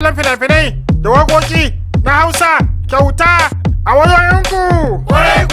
kallon fina-finai da waƙoƙi na Hausa kyauta a wayoyinku. Kwarai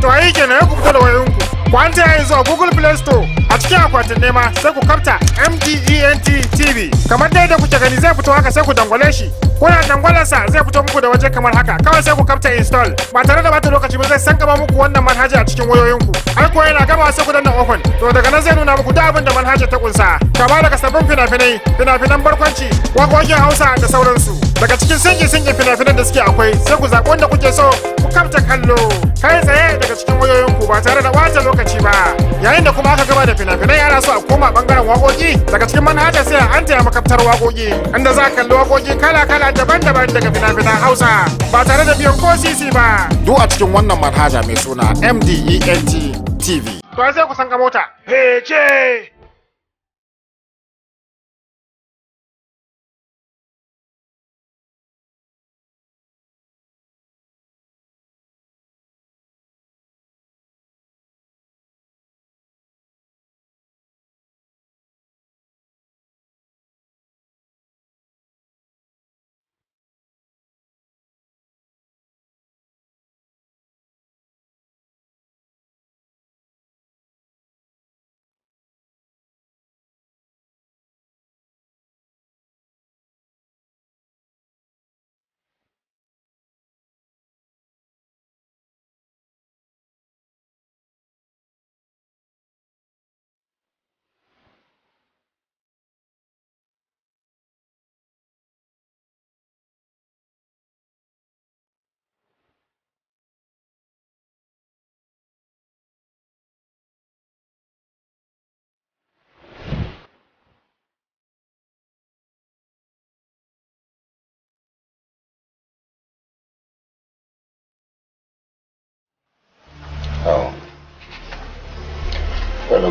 To kenan ku fito da wayoyinku. Ku an ta yanzu a Google Play Store a cikin akwatin nema sai ku kafta MDENT TV. Kamar dai da kuke gani zai fito haka sai ku dangwale shi. kuna dangwalarsa zai fito muku da waje kamar haka kawai sai ku kafta install ba tare da bata lokaci ba zai san gaba muku wannan manhaja a cikin wayoyinku har ko yana gama sai ku danna open to daga nan zai nuna muku duk abin da manhaja ta kunsa kama daga sabbin fina-finai fina barkwanci waƙoƙin hausa da sauransu daga cikin singi-singin finafinan da suke akwai sai ku zaɓi wanda kuke so ku kafta kallo kai tsaye daga cikin wayoyinku ba tare da wata lokaci ba yayin da kuma aka gama da finafinai finai ana so a koma bangaren wakoki, daga cikin manhaja sai an taya makaftar wakoki inda za a kalli wakoki kala-kala nau'uka daban-daban daga fina-finan Hausa ba tare da biyan ko sisi ba. Duk a cikin wannan manhaja mai suna MDENT TV. To sai ku san ka mota. Hey,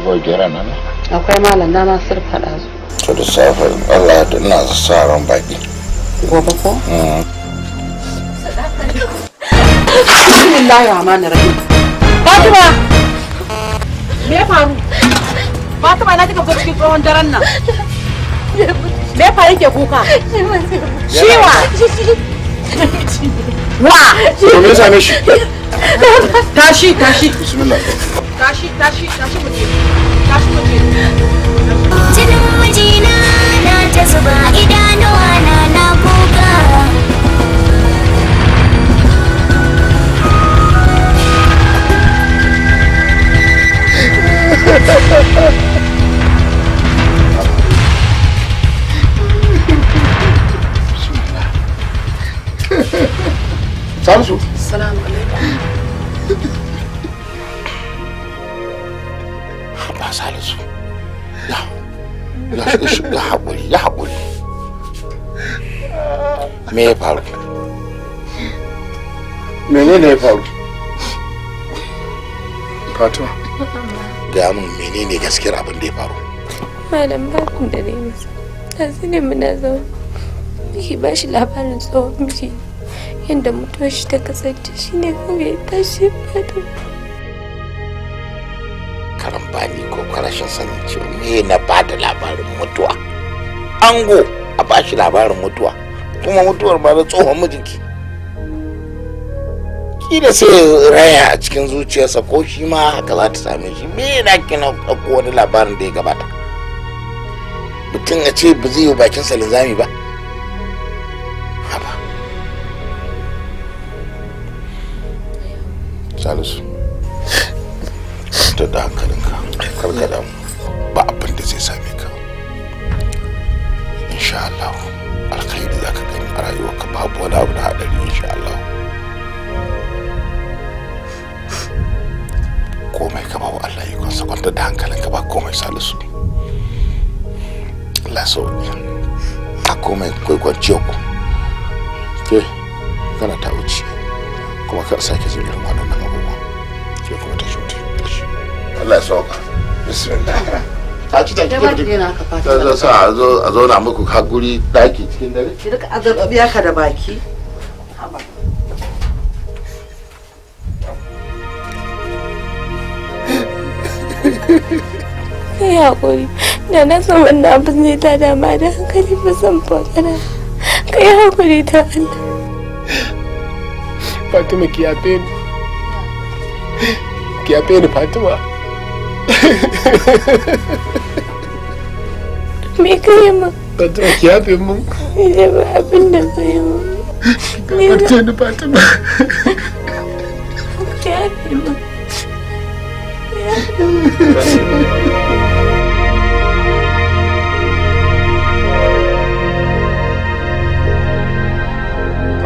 ba gyara nan akwai malam na nasir faɗa su to da safe Allah ya dinna sa ran baki gobe ko mm. Bismillahir Rahmanir Rahim Fatima me ya faru Fatima na kika fito cikin tsohon daren nan me ya faru ke kuka ciwa wa tashi tashi tashi tashi tashi tashi jinin mijina na ta zuba idanuwa na na kuka Ha ha ha ha! Samsu. Salamu alaikum. Ba Salisu. Ya. Ya haƙuri, ya haƙuri. Me ya faru? Menene ya faru? Fatima. Gaya min menene gaskiyar abin da ya faru? Malam ba ku da Remus. Tanzu ne muna zaune. Nake ba shi labarin tsohon mijina. yadda mutuwar shi ta kasance shi ne kawai ya tashi fata karambani ko karashin sanin cewa me na bada labarin mutuwa ango a ba shi labarin mutuwa kuma mutuwar ba da tsohon mijinki kila sai raya a cikin zuciyarsa ko shi ma haka za ta same shi me na kina ɗauko wani labarin da ya gabata mutum a ce ba zai yi bakin linzami ba salisu ta da hankalinka karka damu ba abin da zai same ka insha Allah alkhairi za ka gani a rayuwarka babu wani abu da haɗari insha Allah komai ka babu Allah yi kwansa kwanta da hankalinka ba komai salisu Allah sauƙi a komai kwaikwanciyar ku ke kana ta wuce kuma kar sake zai irin wannan ke kuma ta cuta Allah ya sauka bismillah ta ci ta ta sa a zauna muku haguri daki cikin dare ki duka azabbiya ka da baki haba haƙuri, da na san wannan abin zai ta dama da hankali ba zan fagara. Kai haƙuri ta Allah. Fatima ki yafe ki ya ni fatima me kai ma fatima ki ya mun ne ba abin da kai ka gafarta ni fatima ki ya mun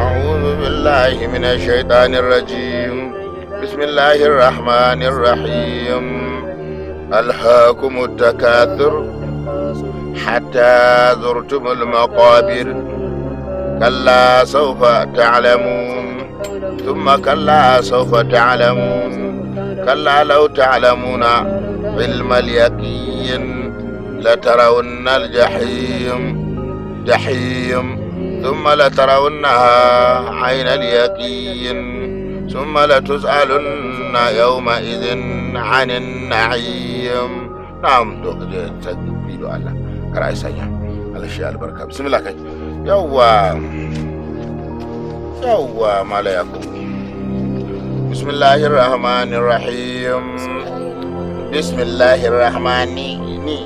أعوذ بالله من الشيطان الرجيم بسم الله الرحمن الرحيم ألهاكم التكاثر حتى زرتم المقابر كلا سوف تعلمون ثم كلا سوف تعلمون كلا لو تعلمون علم اليقين لترون الجحيم جحيم ثم لترونها عين اليقين ثم لتسألن يومئذ عن النعيم نعم دوك تكبير الله كراي سانيا على شيء البركة بسم الله كي يوا يوا ما لا يكون بسم الله الرحمن الرحيم بسم الله الرحمن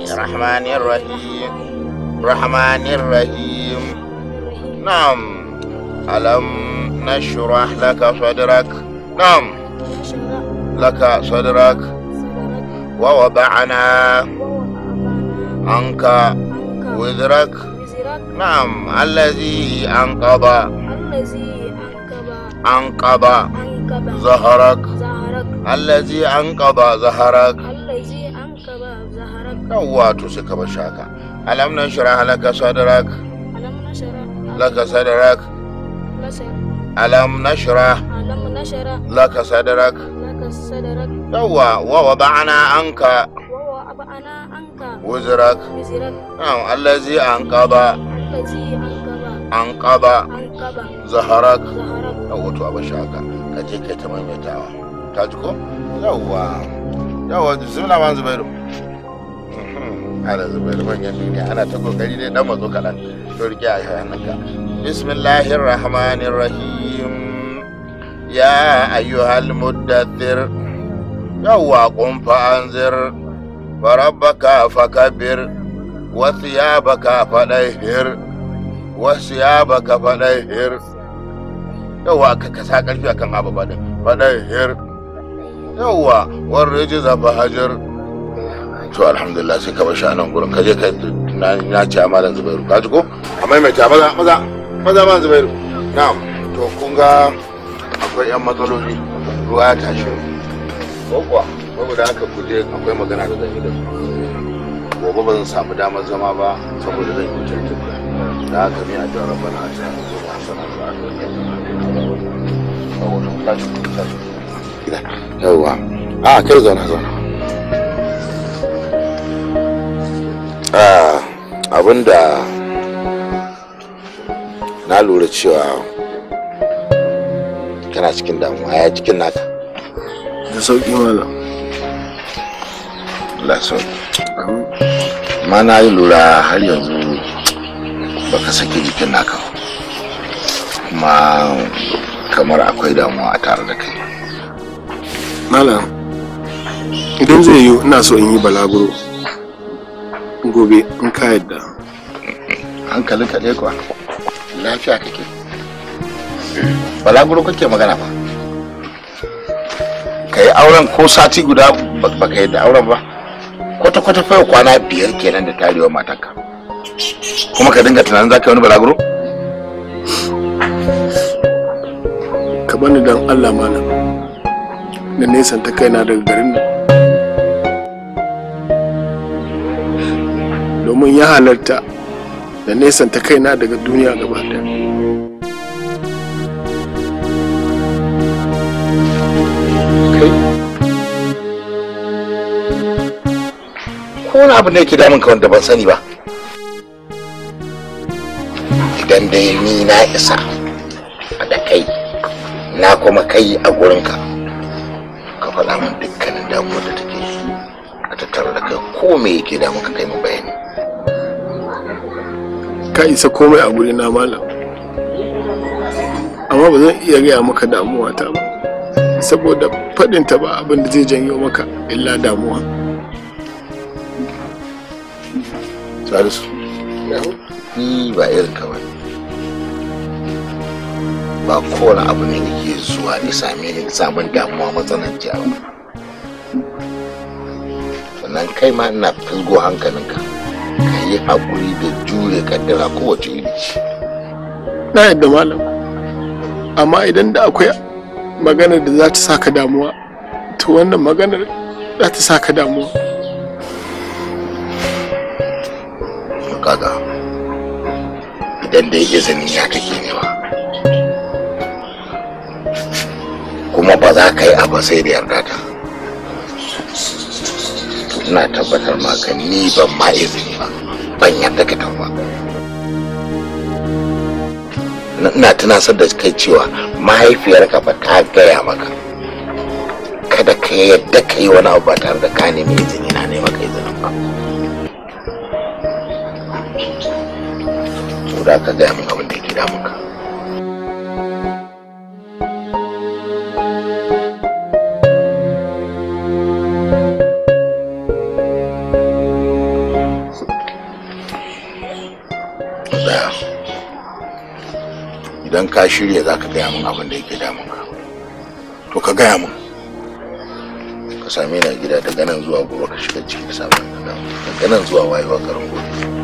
الرحمن الرحيم الرحمن الرحيم نعم ألم نشرح لك صدرك نعم لك صدرك ووضعنا عنك وزرك نعم الذي أنقض أنقض ظهرك الذي أنقض ظهرك نوات سكب الشاكا ألم نشرح لك صدرك لك صدرك لا alam nashra alam nashra laka sadarak laka sadarak yawa wa wada'na anka wa wada'na anka wuzrak wuzrak na'am allazi anqaba allazi anqaba anqaba zaharak zaharak yawa to abashaka kaje kai ta maimaitawa ka ji ko yawa yawa bismillah man zubairu ala zubairu manyan duniya ana ta kokari dai dan mazo kalan turki a kanaka bismillahir rahmanir rahim ya ayyuhal muddathir yawwa qum fa anzir fa rabbaka fakabbir wa thiyabaka fadahhir wa thiyabaka fadahhir yawwa ka kasa karfi akan ababa din fadahhir yawwa war rijza fahajir to alhamdulillah sai ka bashi anan gurin ka je ka na ce malam zubairu ka ji ko a maimaita maza maza maza malam zubairu na'am to kun ga akwai yan matsaloli ruwa ya tashi ko kuwa saboda da aka je akwai magana da zan yi da su gobe ba samu damar zama ba saboda zan yi jirgin da haka mai a jarar bana a cikin zuwa sanar da aka yi yawwa a kai zauna zauna ah. abinda na lura cewa kana cikin damuwa ya cikin naka da sauki wala la sauki amma na yi lura har yanzu baka saki jikin naka kuma kamar akwai damuwa a tare da kai malam idan zai yiwu ina so in yi balaguro gobe in ka yadda hankalin ka kuwa lafiya kake balaguro kake magana ba ka yi auren ko sati guda ba ka yadda auren ba kwata-kwata fa kwana biyar kenan da tarewa matanka kuma ka dinga tunanin za ka wani balaguro ka bani don allah malam na nesanta kaina daga garin nan domin ya halarta da nesanta kaina daga duniya gaba ɗaya wani abu ne ke damun ka wanda ban sani ba idan dai ni na isa da kai na kuma kai a gurinka ka faɗa min dukkanin damuwar da take su a tattara da kai ko me yake damun ka kai mun ka isa komai a guri na malam amma ba zan iya gaya maka damuwa ta ba saboda faɗinta ba abin da zai janyo maka illa damuwa salisu ni ba irin kawai ba kowane abu ne nake zuwa ne same ni samun damuwa matsananci ba sannan kai ma ina fulgo hankalinka ka yi haƙuri da iya kaddara kowace iri na yadda malam amma idan da akwai maganar da za ta sa ka damuwa to wannan maganar za ta sa ka damuwa kaga idan da ya izinin ya kake nema kuma ba za ka yi abu sai da yarda ta ina tabbatar maka ni ban ma izini ba banyan da ka tafi na ina tunasar da kai cewa mahaifiyarka ba ta gaya maka kada ka yadda ka yi wani abu ba tare da ka nemi izini na nema ka izinin ba ko da ka gaya min abin da ke idan ka shirya za ka gaya min abin da yake damun ka to ka gaya min ka same ni a gida daga nan zuwa gobe ka shiga ciki da samun daga nan zuwa wayewa garin gobe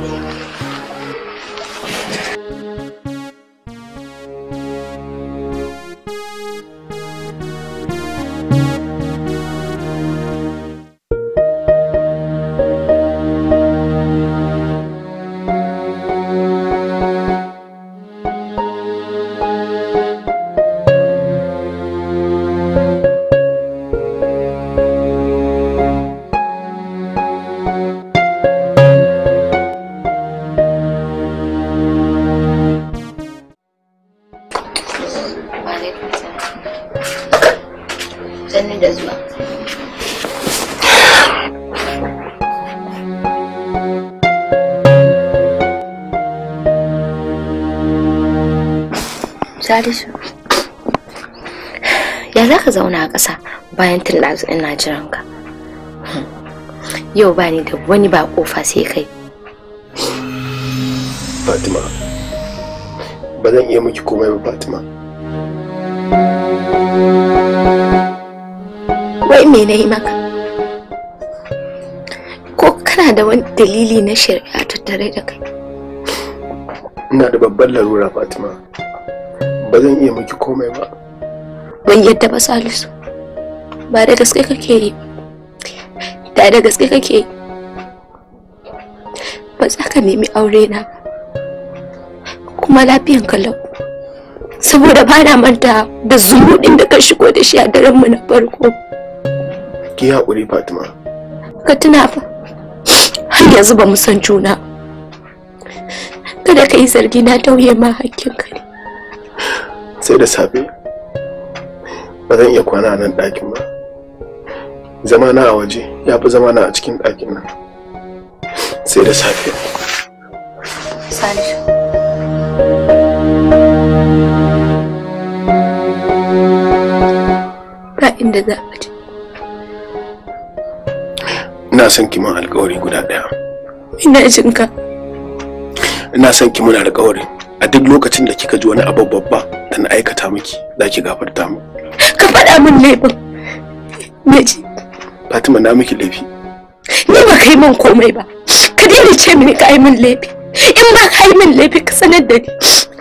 zauna a ƙasa bayan tun ɗazu ina jiran ka yau ba ni da wani ba ƙofa sai kai fatima ba zan iya miki komai ba fatima wai me na yi maka ko kana da wani dalili na shari'a tattare da kai ina da babban larura fatima ba zan iya miki komai ba yadda ba salisu ba da gaske kake yi da da gaske kake yi ba za ka nemi aure na kuma lafiyan kalau saboda ba na manta da zumuɗin da ka shigo da shi a daren mu na farko ki haƙuri fatima ka tuna fa har yanzu ba mu san juna kada ka yi zargi na tauye ma ka ne sai da safe ba zan iya kwana a nan ɗakin ba zama na a waje ya fi zama na a cikin ɗakin nan sai da safe Salisu. Ba inda za a je. Ina son ki mun alkawari guda ɗaya. Ina jin ka. Ina son ki mun alkawari. A duk lokacin da kika ji wani abu babba dan aikata miki, za ki gafarta mu. ka faɗa min laifin naji fatima na miki laifi ni ba ka yi min komai ba ka daina ce mini ka yi min laifi in ba ka yi min laifi ka sanar da ni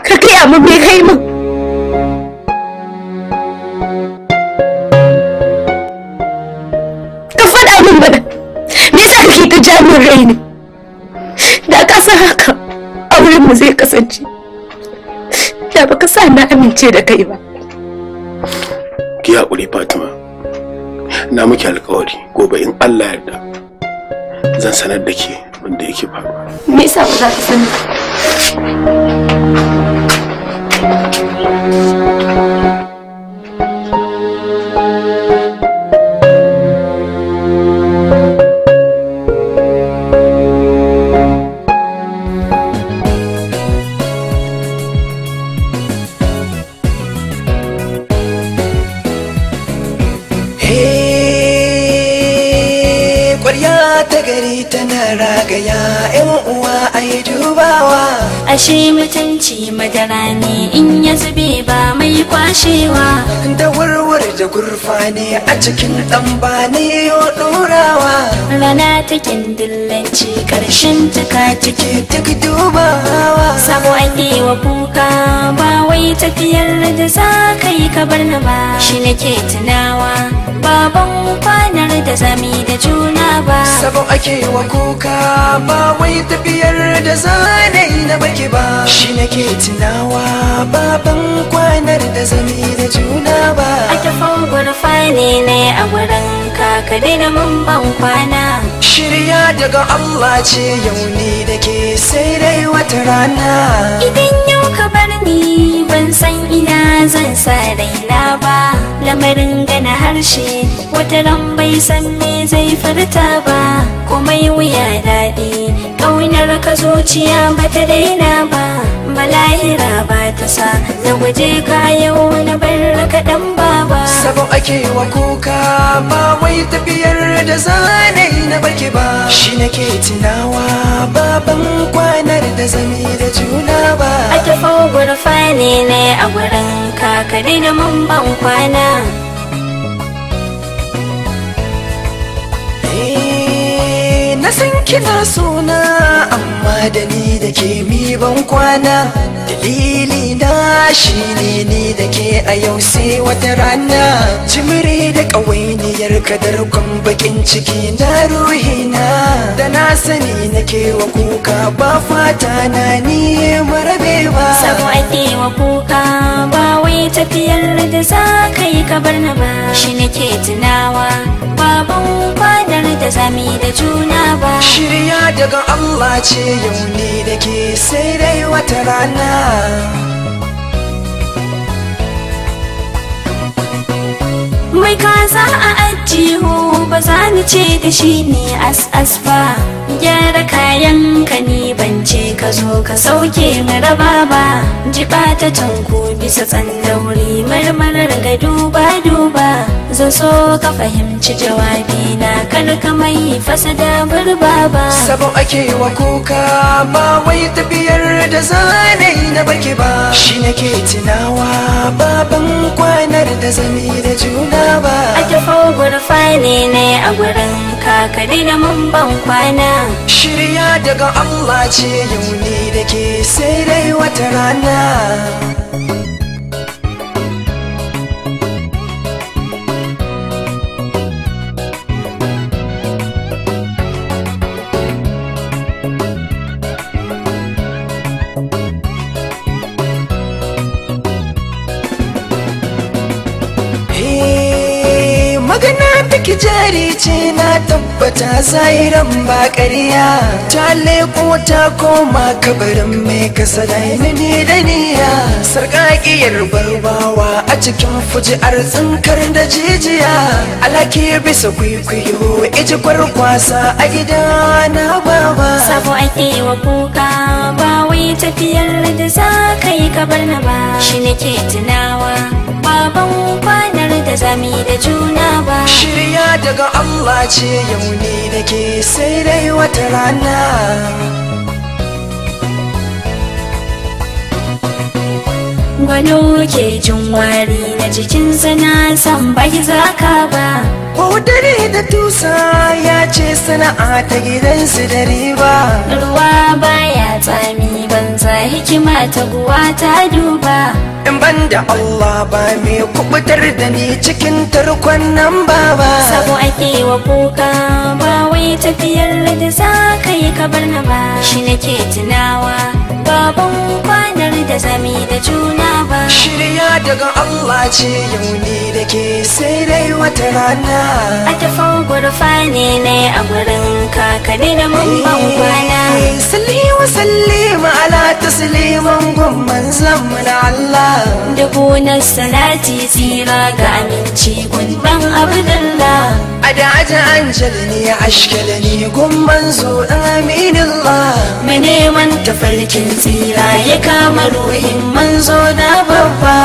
ka gaya min me ka yi min ka faɗa min bana me yasa kake ta jamin rai ne da ka san haka aurenmu zai kasance da baka sa na amince da kai ba ki haƙuri fatima na miki alkawari gobe in allah yarda zan sanar da ke wanda yake faruwa me yasa ba za ka sani Thank you. gari tana ragaya 'yan uwa dubawa ashe mutunci madara ne in ya zube ba mai kwashewa da warwar da gurfa ne a cikin ɗan ba ne yo ɗorawa rana ta kindillanci ƙarshen taka take duk dubawa sabo ake wa kuka ba wai tafiyar da za ka yi ka bar na ba shi nake tunawa baban kwanar da zami da juna ba sabo ake wa kuka ba wai tafiyar da zanai na baki ba shi nake tunawa baban kwanar da zami da juna ba Ake fangon fane ne a wurin kakari da mun ban kwana shirya daga Allah ce yau ne da ke sai dai wata rana idan yau ka bar ni san ina zan sa raina ba lamarin gana harshe wata ran bai san me zai furta ba komai wuya daɗi ƙaunar ka zuciya ba ta daina ba bala'ira ba ta sa na guje kayan na barra kaɗan baba sabon ake wa kuka ba wai tafiyar da zanai na barke ba shi nake tunawa baban kwanar da zami da juna ba a tafau gurfa ne ne a wurin kakari da mamban kwana kina suna amma da ni da ke mi ban kwana dalili na shi ne ni da ke a yau sai wata rana jimiri da ƙawainiyar kadarkon bakin ciki na ruhina da na sani nake wa kuka ba fata na ni marabewa sabo ke wa kuka ba wai tafiyar da za ka yi kabar na shirya daga Allah ce yau ne da ke sai dai wata rana mai kaza a ajihu ba za ni ce da shi ne as ba gyara kayan ka ne ban ce ka zo ka sauke maraba ba Jiɓa ta tanko bisa tsandauri marmarar ga duba duba Zan so ka fahimci jawabi na kana yi fasa da baba sabon ake wa kuka ba wai tafiyar da zane na baki ba shi ke tunawa baban kwanar da zami da juna ba a tafa gurfani ne a gurin kakari da mun kwana shirya daga Allah ce yau ne da ke sai dai wata rana ki jari ce na tabbata zahiran ba ƙarya ta leko ta koma kabarin mai kasa da ni da niyya sarƙaƙiyar barbawa a cikin fuji'ar tsinkar da jijiya alaki bisa kwaikwayo iji kwarkwasa a gida na baba sabo ake wa kuka ba wai tafiyar da za ka yi kabar na ba shi nake tunawa baban kwana da zami da juna ba shirya daga Allah ce yau ne nake sai dai wata rana Gwano ke jin wari na jikin sana san bai zaka ba ko dare da tusa ya ce sana'a ta gidansu da riba ruwa baya tsami banza hikima ta guwa ta duba in banda Allah ba me kubutar da ni cikin tarkon nan ba ba. sabo ake wa kuka ba wai tafiyar da za ka yi ka bar na ba shi nake tunawa baban kwanar da zami da juna ba shirya daga Allah ce yau ne da ke sai dai wata rana a tafan gurfa ne ne a gurin ka ka daina mun ban kwana salli wa sallima ala tasliman gumman zamman Allah da gonar salati tsira ga aminci gumban abdullah adaja anjalni ashkalni gumman zo aminillah mene man tafarkin tsira ya kama ruhin manzo na babba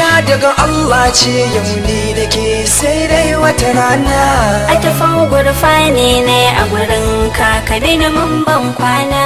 Ya daga Allah ce yau ne da ke sai dai wata rana. A tafan gurfa ne ne a gurin kaka dai na mun ban kwana.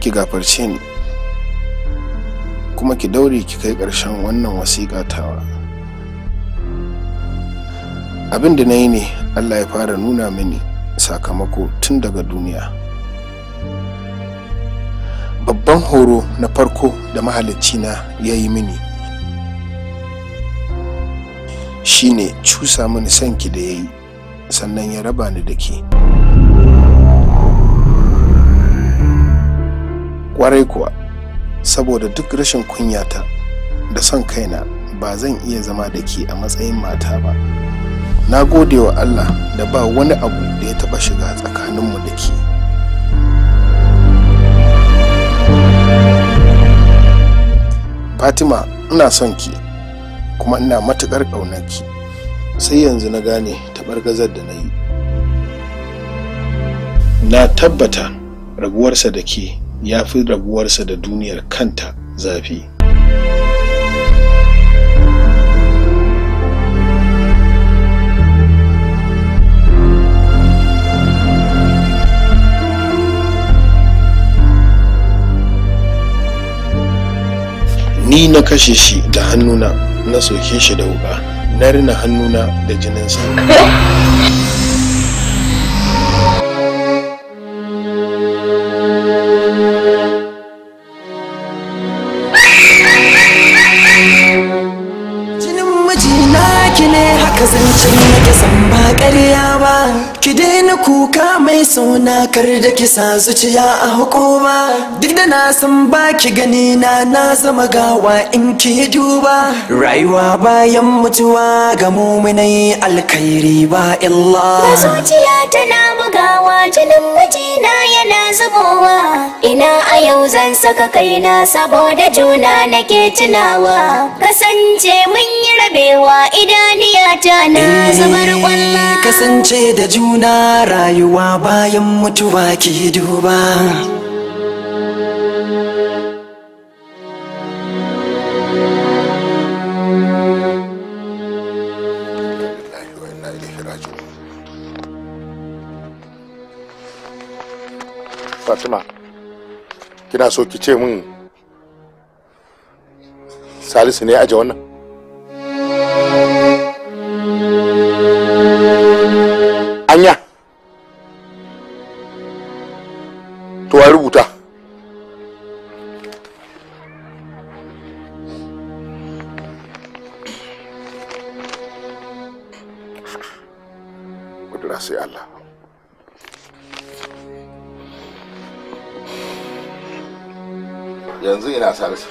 ki gafarce ni kuma ki daure ki kai ƙarshen wannan wasiƙa tawa abin da na yi ne allah ya fara nuna mini sakamako tun daga duniya babban horo na farko da mahalicina ya yi mini shine cusa mini sanki da ya yi sannan ya raba ni da ke. Kwarai kuwa, saboda duk rashin kunyata da son kaina ba zan iya zama da ke a matsayin mata ba. Na gode wa Allah da ba wani abu da ya taɓa shiga tsakaninmu da ke. Fatima ina son ki kuma ina matuƙar ƙaunarki sai yanzu na gane gazar da na yi. Na tabbata raguwarsa da ke ya fi rabuwarsa da duniyar kanta zafi ni na kashe shi da hannuna na soke shi da wuka na rina hannuna da jininsa kar da kisa zuciya a hukuma duk da na san baki gani na na zama gawa in ki duba rayuwa bayan mutuwa ga muminai alkhairi ba illa zuciya tana bugawa jinin mijina yana zubowa ina a yau zan saka kaina saboda juna nake tunawa kasance mun yi rabewa idaniyata na eh, zubar kwalla kasance da juna rayuwa bayan mutuwa duba ki duba Fatima, kina so ki ce min Salisu ne aje wannan? Anya! to a rubuta kudura sai Allah yanzu ina salisu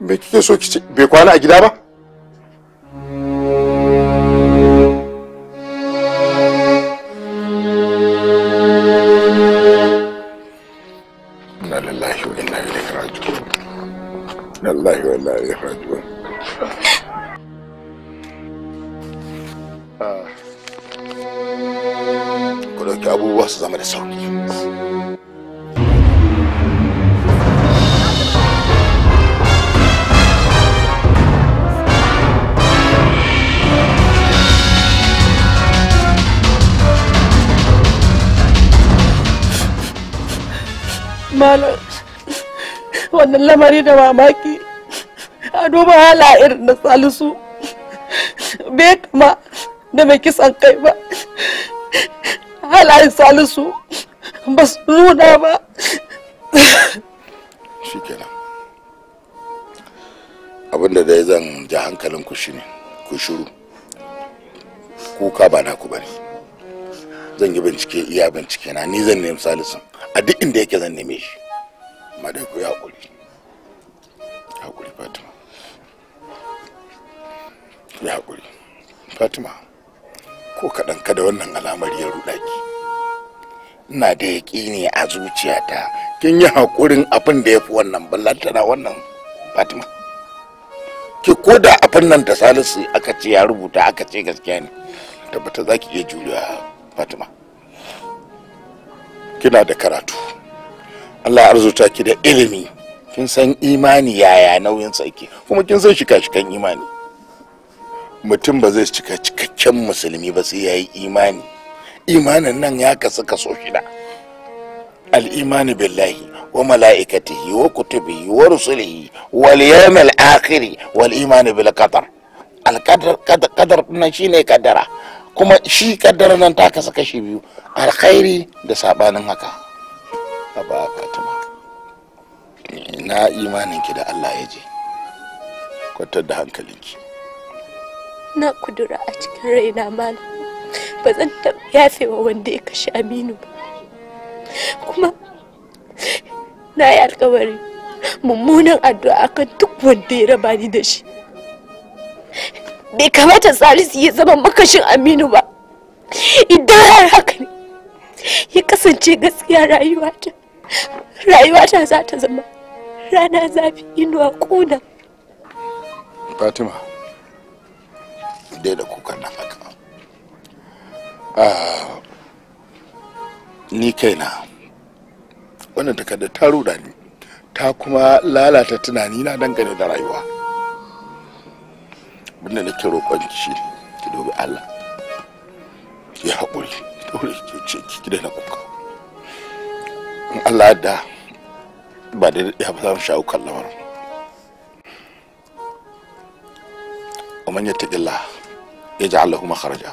me kike so ki bai kwana a gida ba su zama da sauki. malam wannan lamari da mamaki a duba hala irin na salisu bai kama da mai kisan kai ba halayen salisu ba su nuna ba shi kenan abinda ya zan ja hankalin ku ne ku shiru kuka ba ku bane zan yi bincike iya bincike na ni zan nemi salisu a duk inda yake zan neme shi amma dai ku yi hakuri hakuri fatima ku yi hakuri fatima ko kaɗan kada wannan alamar ya ruɗa ki ina da yaƙini a zuciyata kin yi haƙurin abin da ya fi wannan ballantana wannan fatima ki ko da abin nan da salisu aka ce ya rubuta aka ce gaskiya ne tabbata za ki iya juriya fatima kina da karatu allah arzuta ki da ilimi kin san imani yaya nauyin tsaki kuma kin san shika-shikan imani mutum ba zai cika cikakken musulmi ba sai ya yi imani imanin nan ya kasu kaso shida al'imani billahi wa mala'ikatihi wa kutubihi wa rusulihi wal yawmil akhir wal imani bil qadar al qadar qadar nan shine kaddara kuma shi kaddara nan ta kasu kashi biyu khairi da sabanin haka aba katuma na imanin ki da Allah ya je kwatar da hankalinki na kudura a cikin raina mana ba zan taɓa yafewa wanda ya kashe aminu ba kuma na yi alkawari mummunan addu'a akan duk wanda ya raba ni da shi bai kamata salisu ya zama makashin aminu ba idan har haka ne ya kasance gaskiya rayuwata rayuwata za ta zama rana zafi inuwa kuna fatima da kukan nan haka ah, ni kaina wannan takardar ta ruda ni ta kuma lalata tunani na dangane da rayuwa abinda ke roƙon shi ki dubi allah ki haƙuri dole ki ce ki daina kuka in allah da ba da ya ba za shawo kan lamarin ومن ta Allah yaj'al lahu makharaja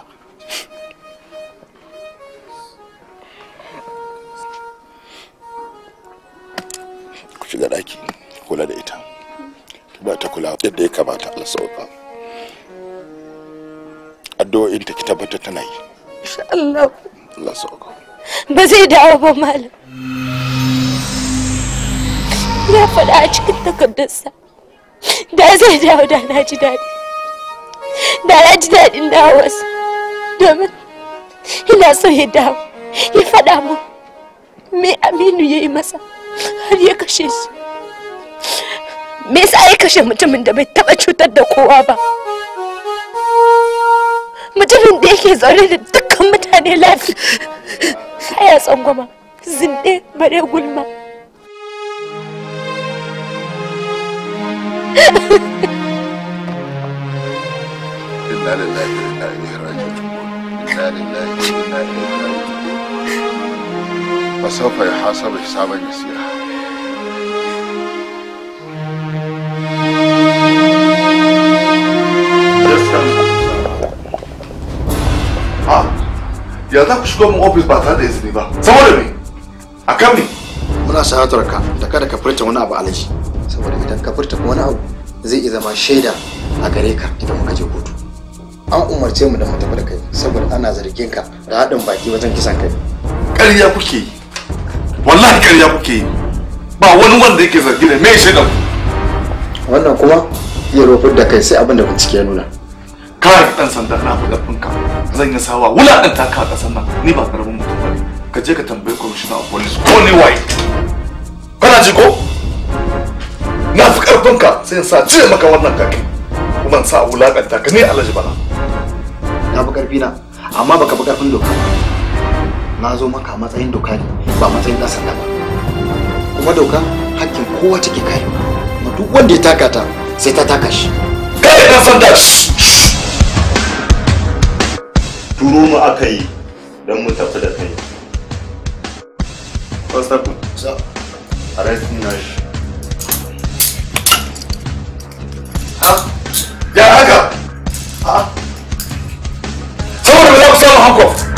shiga daki kula da ita ba ta kula yadda ya kamata Allah sauka addu'o'in ta ki tana yi insha Allah Allah sauka ba zai dawo ba malam ya faɗa a cikin takardarsa da zai dawo da na ji daɗi da ya ji daɗin dawowarsa domin ina so ya dawo ya faɗa mu me aminu ya yi masa har ya kashe shi me yasa ya kashe mutumin da bai taɓa cutar da kowa ba mutumin da yake zaune da dukkan mutane lafiya haya tsangwama zinde bare gulma inna يحاسب حسابا يسيرا ya za ofis ba tare da izini ba saboda me a kan me muna sanatar ka da kada ka furta wani abu alaji saboda idan ka furta wani abu zai iya zama shaida a gare ka idan muka je kotu an umarce mu da mu tafi da kai saboda ana zargin ka da haɗin baki wajen kisan kai ƙarya kuke yi wallahi ƙarya kuke yi ba wani wanda yake zargi ne me shaidan wannan kuma iya rofar da kai sai abin da bincike ya nuna kawai ɗan sanda na fi ƙarfin ka zan yi sawa wulaƙanta ka a ƙasar nan ni ba ƙarfin mutum ba ne ka je ka tambayi kwamishina a polis ko ne waye kana ji ko na fi ƙarfin ka sai in sa cire maka wannan kake kuma in sa wulaƙanta ka ne alhaji bala ka fi karfi na amma baka fi karfin doka na zo maka matsayin doka ne ba matsayin ɗan sanda ba kuma doka hakkin kowa take kai ma duk wanda ya taka ta sai ta taka shi kai ɗan sanda turo mu aka yi don mu tafi da kai constable sir arrest nash ha ya haka handcuffed.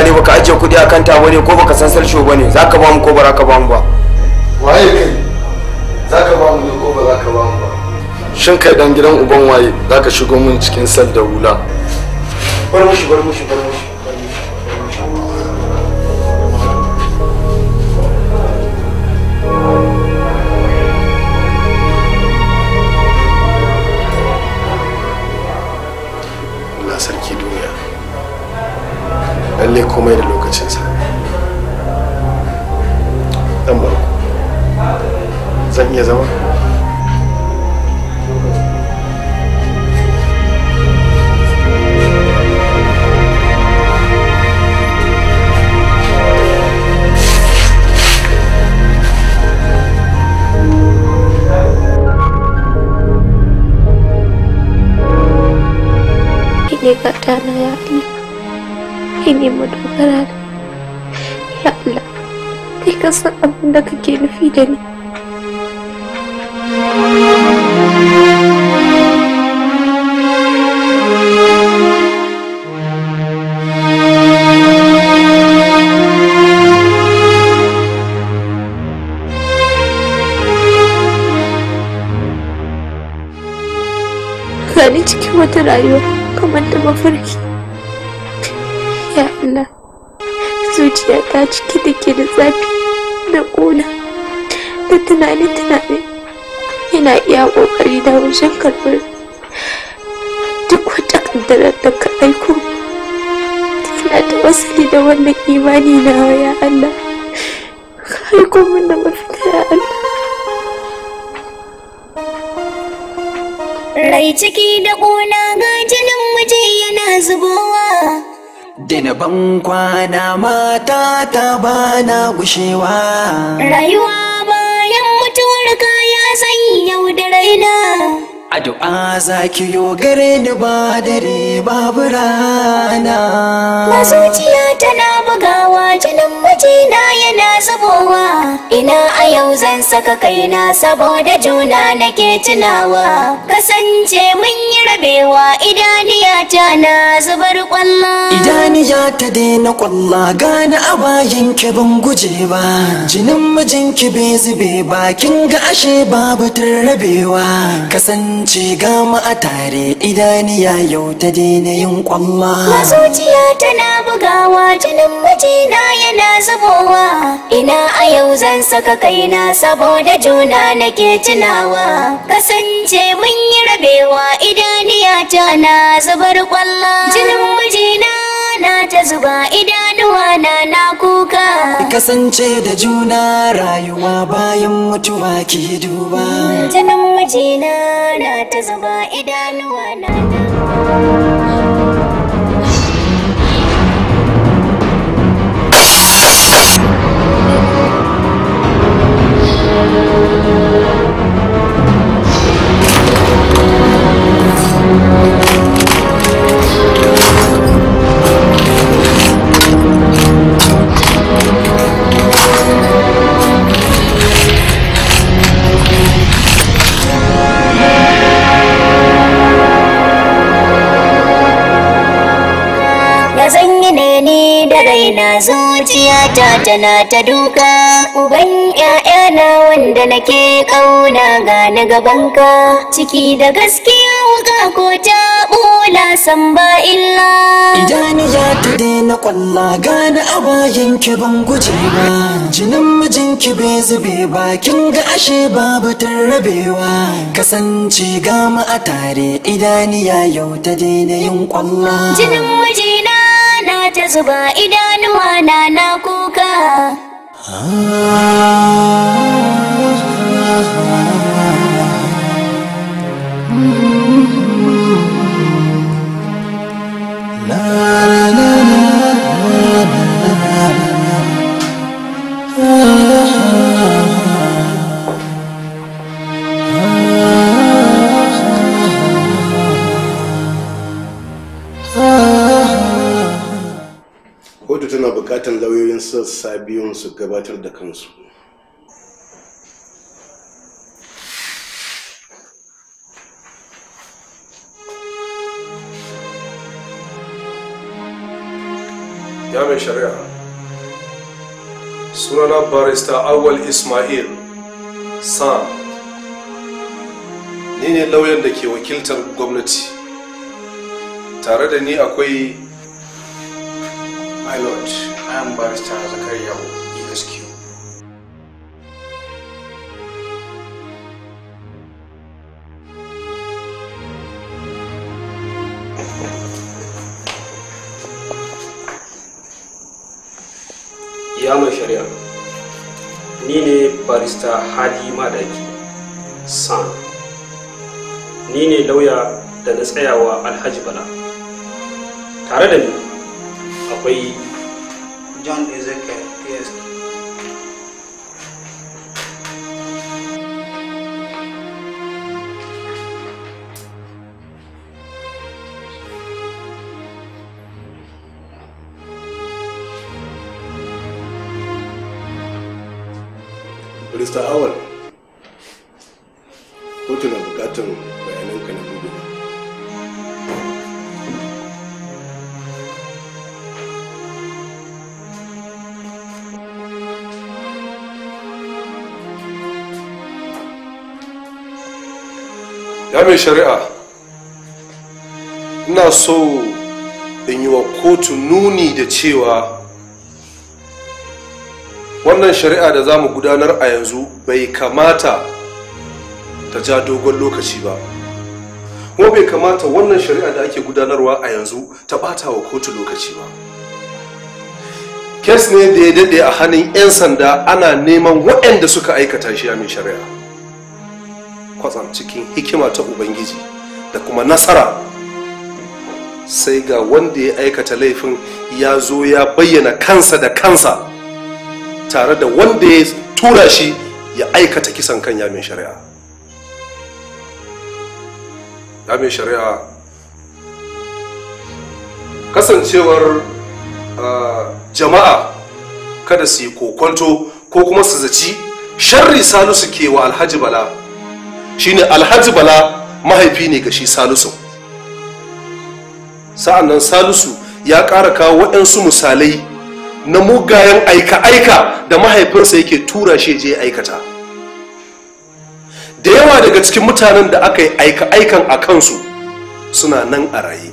mutane ne baka ajiye kuɗi a kanta ba ne ko baka san sarsho ba ne za ka ba mu ko ba za ka ba mu ba waye kai za ka ba mu ne ko ba za ka ba mu ba shin kai dan gidan uban waye za ka shigo min cikin sal da hula bar mushi bar mushi bar め込める kai ne madogara da ya Allah kai ka san abin da kake nufi da ni Gani cikin wata rayuwa kamar ta mafarki ya Allah zuciya ta ciki da ke da zafi da ƙuna da tunani-tunani yana iya ƙoƙari da wajen karɓar duk wata ƙaddarar da ka aiko tana da wasali da wannan imani na ya Allah ka aiko min da mafita ya Allah Rai ciki da ƙuna ga jinin miji yana zubowa Dina ban kwana mata ta bana gushewa. Rayuwa bayan mutuwar kaya sai yau da addu'a ki yo gare ni ba dare babu rana na zuciya tana bugawa jinin mijina yana zubowa ina a yau zan saka kaina saboda juna nake tunawa kasance mun yi rabewa idaniya ta na zubar kwalla idaniya ta daina kwalla gane a bayan ki ban guje ba jinin mijinki bai zube ba kin ga ashe babu tarrabewa kasance ci gama a tare idaniya yau ta daina yin kwamma zuciya tana bugawa jinin mijina yana zubowa ina a yau zan saka kaina saboda juna nake tunawa kasance mun yi rabewa idaniya tana zubar kwallon jinin mijina na ta zuba idanuwa na na kuka kasance da juna rayuwa bayan mutuwa ki duba tanan mijina na ta zuba idanuwa na kuka zuciyata tana ta duka uban 'ya'yana wanda nake ƙauna ga na gabanka ciki da gaskiya wuka ko ta bula san ba illa idan ya ta daina kwalla gane a abayin ki ban guje ba jinin mijinki bai zube ba kin ga ashe babu tarrabewa kasance ga mu a tare idan ya yau ta daina yin kwalla jinin mijina na ta zuba idan idanuwa na kuka kuka ah. bukatan lauyoyin sassa biyun su gabatar da kansu ya mai shari'a sunana barista awal ismail sam ni ne lauyan da ke wakiltar gwamnati tare da ni akwai My lord, I am Barrister Zakaria ESQ. Ya mai shari'a, ni ne barista Hadi Madaki, San. Ni ne lauya da na tsayawa Alhaji Bala. Tare da ni, John is a cat. ya mai shari'a ina so in yi wa kotu nuni da cewa wannan shari'a da za mu gudanar a yanzu bai kamata ta ja dogon lokaci ba kuma bai kamata wannan shari'a da ake gudanarwa a yanzu ta bata wa kotu lokaci ba kes ne da ya daɗe a hannun 'yan sanda ana neman waɗanda suka aikata shi a mai shari'a kwatsam cikin hikima ta ubangiji da kuma nasara sai ga wanda ya aikata laifin ya zo ya bayyana kansa da kansa tare da wanda ya tura shi ya aikata kisan kan yamin shari'a yamin shari'a kasancewar jama'a kada su yi kokonto ko kuma su zaci sharri salisu ke wa alhaji bala shine alhaji bala mahaifi ne ga shi salisu sa'annan salisu ya ƙara kawo waɗansu misalai na mugayen aika-aika da mahaifinsa yake tura shi je aikata da yawa daga cikin mutanen da aka yi aika-aikan a kansu suna nan a raye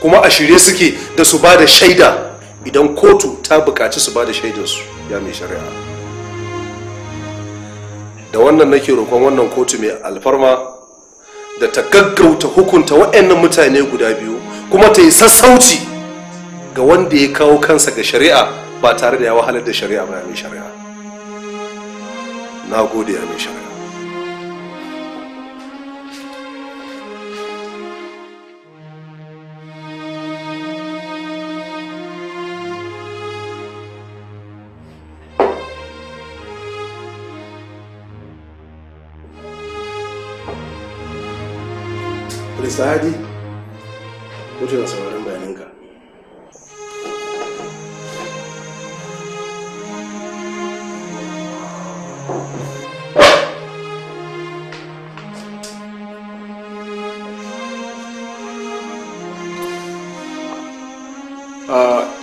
kuma a shirye suke da su ba da shaida idan kotu ta buƙaci su ba da shaidarsu ya mai shari'a da wannan nake roƙon wannan kotu mai alfarma da ta gaggauta hukunta waɗannan mutane guda biyu kuma ta yi sassauci ga wanda ya kawo kansa ga shari'a ba tare da ya wahalar da shari'a ba mai shari'a na gode ya mai shari'a Sadi, Hadi, mutu na sauraron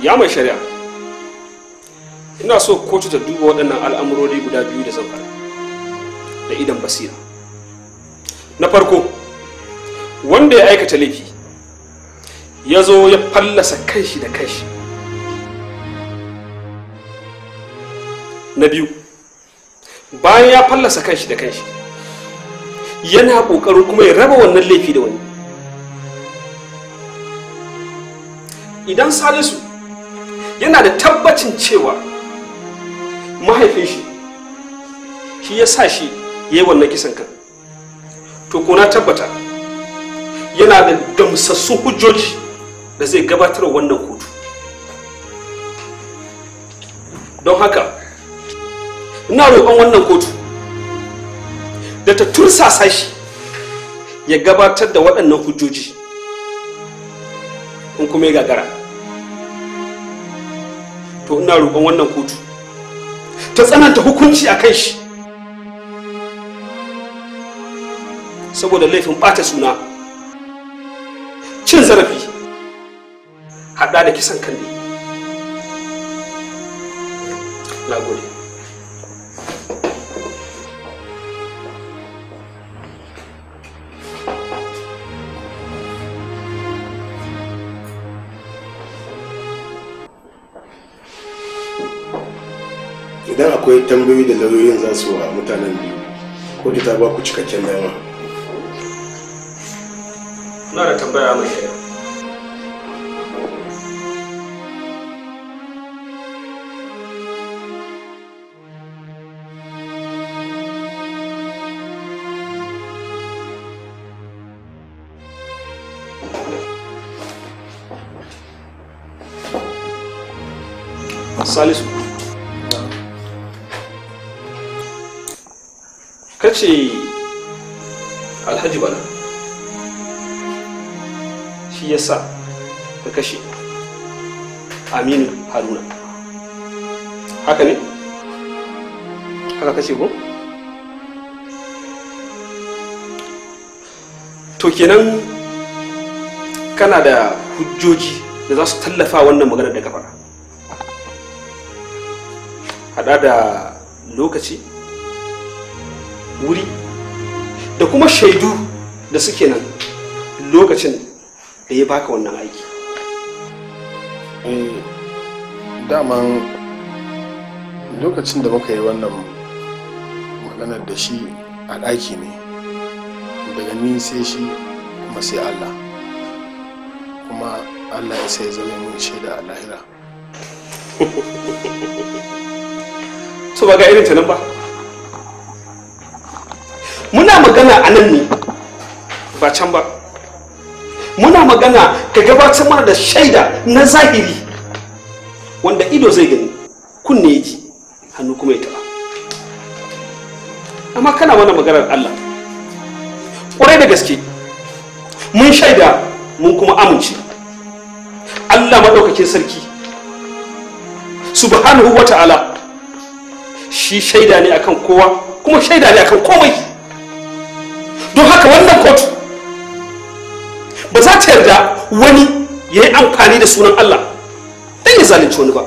ya mai shari'a ina so kotu ta duba waɗannan al'amurori guda biyu da zan da idan basira na farko wanda ya aikata laifi ya zo ya fallasa kanshi da kanshi na biyu bayan ya fallasa kanshi da kanshi yana ƙoƙarin kuma ya raba wannan laifi da wani idan salisu yana da tabbacin cewa mahaifin shi shi ya sa shi ya yi wannan kisan kan to ko na tabbata yana da gamsassun hujjoji da zai gabatar wannan kotu don haka ina roƙon wannan kotu da ta tursasa shi ya gabatar da waɗannan hujjoji kun kuma ya gagara to ina roƙon wannan kotu ta tsananta hukunci a kan shi saboda laifin ɓata suna cin zarafi hada da kisan kalli na idan akwai tambayoyi da lauyoyin za su wa mutanen biyu ko ta ba ku cikakken dama na da tambaya mai shiga Salisu. Kace Alhaji Bala. ya sa ka kashe aminu haruna haka ne haka kashe ko to kenan kana da hujjoji da za su tallafa wannan magana da kafara hada da lokaci wuri da kuma shaidu da suke nan lokacin da ya baka wannan aiki eh, daman lokacin da muka yi wannan maganar da shi a ɗaki ne daga ni sai shi kuma sai allah kuma allah ya sai zama mun shaida a lahira so ba ga irin ta nan ba muna magana a nan ne ba can ba muna magana ka gabatar mana da shaida na zahiri wanda ido zai gani kunne ya ji hannu kuma ya taba amma kana mana maganar Allah ƙwarai da gaske mun shaida mun kuma amince Allah maɗaukakin sarki subhanahu wa ta'ala shi shaida ne akan kowa kuma shaida ne akan komai don haka wannan kotu ba za ta yarda wani ya yi amfani da sunan Allah don ya zalunci wani ba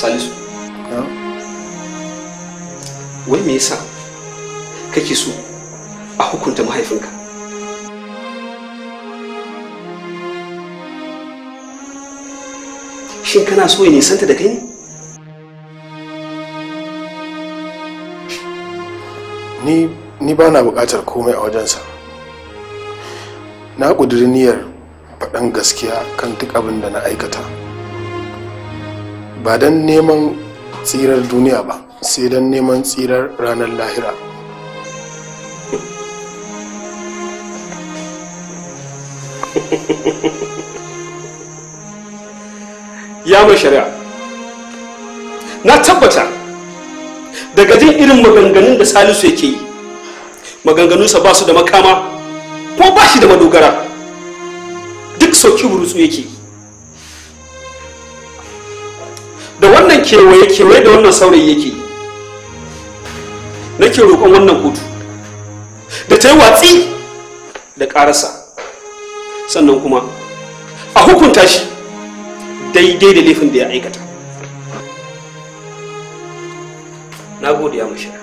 salisu wai me yasa kake so a hukunta mahaifinka shin kana so ya nisanta da kai ne ni ni ba na bukatar komai a wajensa na ƙudiri niyyar faɗan gaskiya kan duk abin da na aikata ba don neman tsirar duniya ba sai don neman tsirar ranar lahira ya mai shari'a na tabbata daga jin irin maganganun da salisu yake yi maganganunsa ba su da makama ko ba shi da madogara duk sauki burutsu yake yi da wannan kewaye kewaye da wannan saurayi yake yi nake roƙon wannan kotu da ta yi watsi da ƙarasa sannan kuma a hukunta shi daidai da laifin da ya aikata na gode ya mushira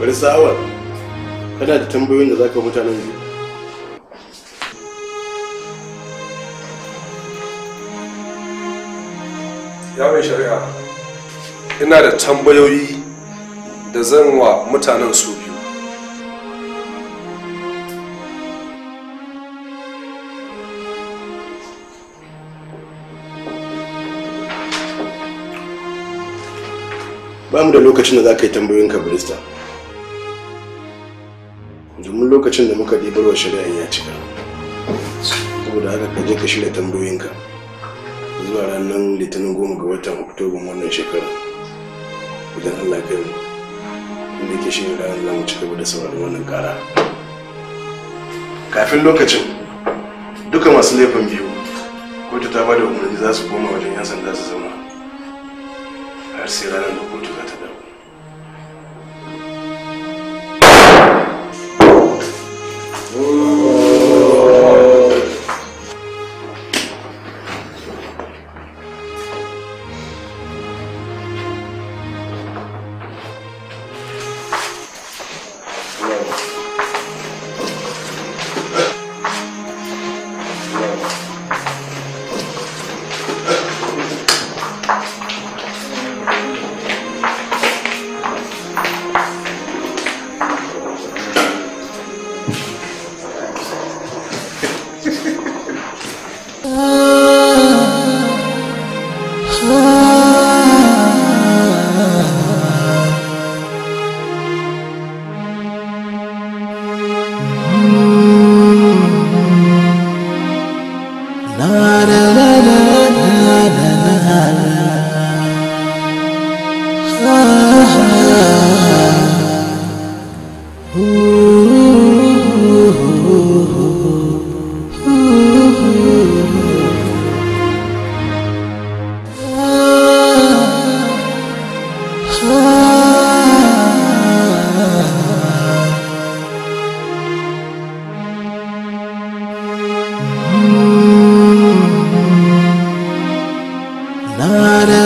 bari sa'awar kana da tambayoyin da zaka mutanen biyu ya shari'a ina da tambayoyi da zan wa mutanen su biyu ba mu da lokacin da za ka yi tambayoyin ka barista domin lokacin da muka ɗibar wa shari'a ya cika saboda haka ka je ka shirya tambayoyinka zuwa ranar litinin goma ga watan oktoban wannan shekara idan allah kai inda ke shi ranar zamu ci gaba da sauraron wannan kara kafin lokacin duka masu laifin biyu kotu ta ba da umarni za su koma wajen yan sanda su zama har sai ranar da kotu za ta But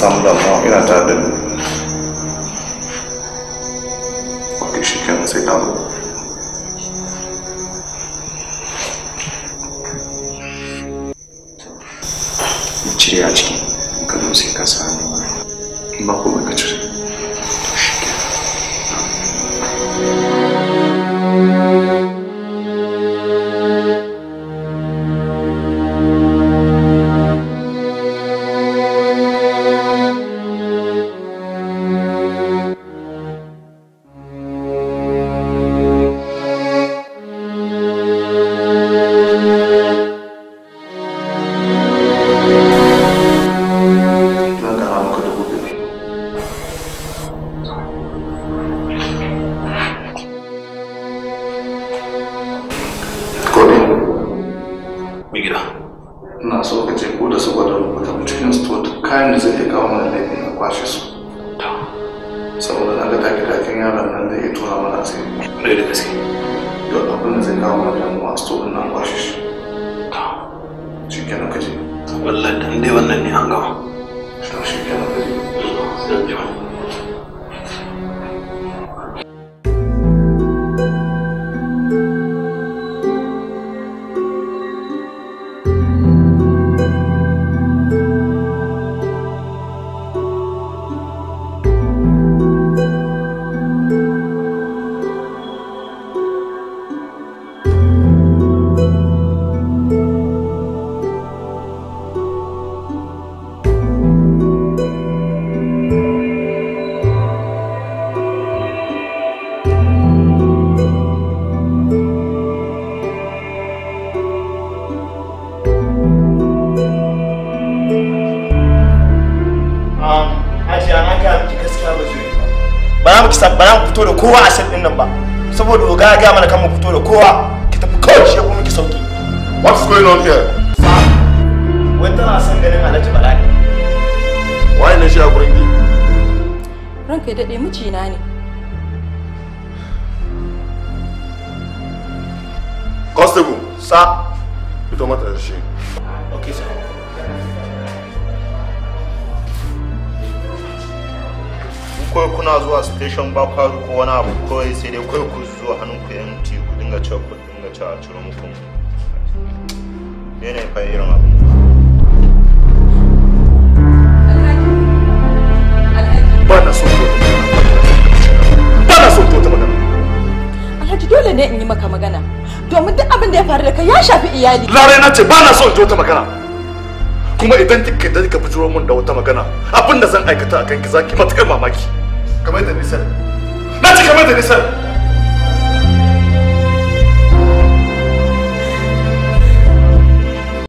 咱们的，给它摘。ba kwa ko wani abu kawai sai dai kawai ku zuwa hannun ku yan ti ku dinga cewa ku dinga cewa a ciro muku ne ne fa irin abu ba so ba so ta magana Alhaji dole ne in yi maka magana domin duk abin da ya faru da kai ya shafi iyali lare na ce bana so in ji magana kuma idan kika da kika fituro mun da wata magana abin da zan aikata akan ki zaki matukar mamaki kamar yadda nisan na ce kamar yadda nisan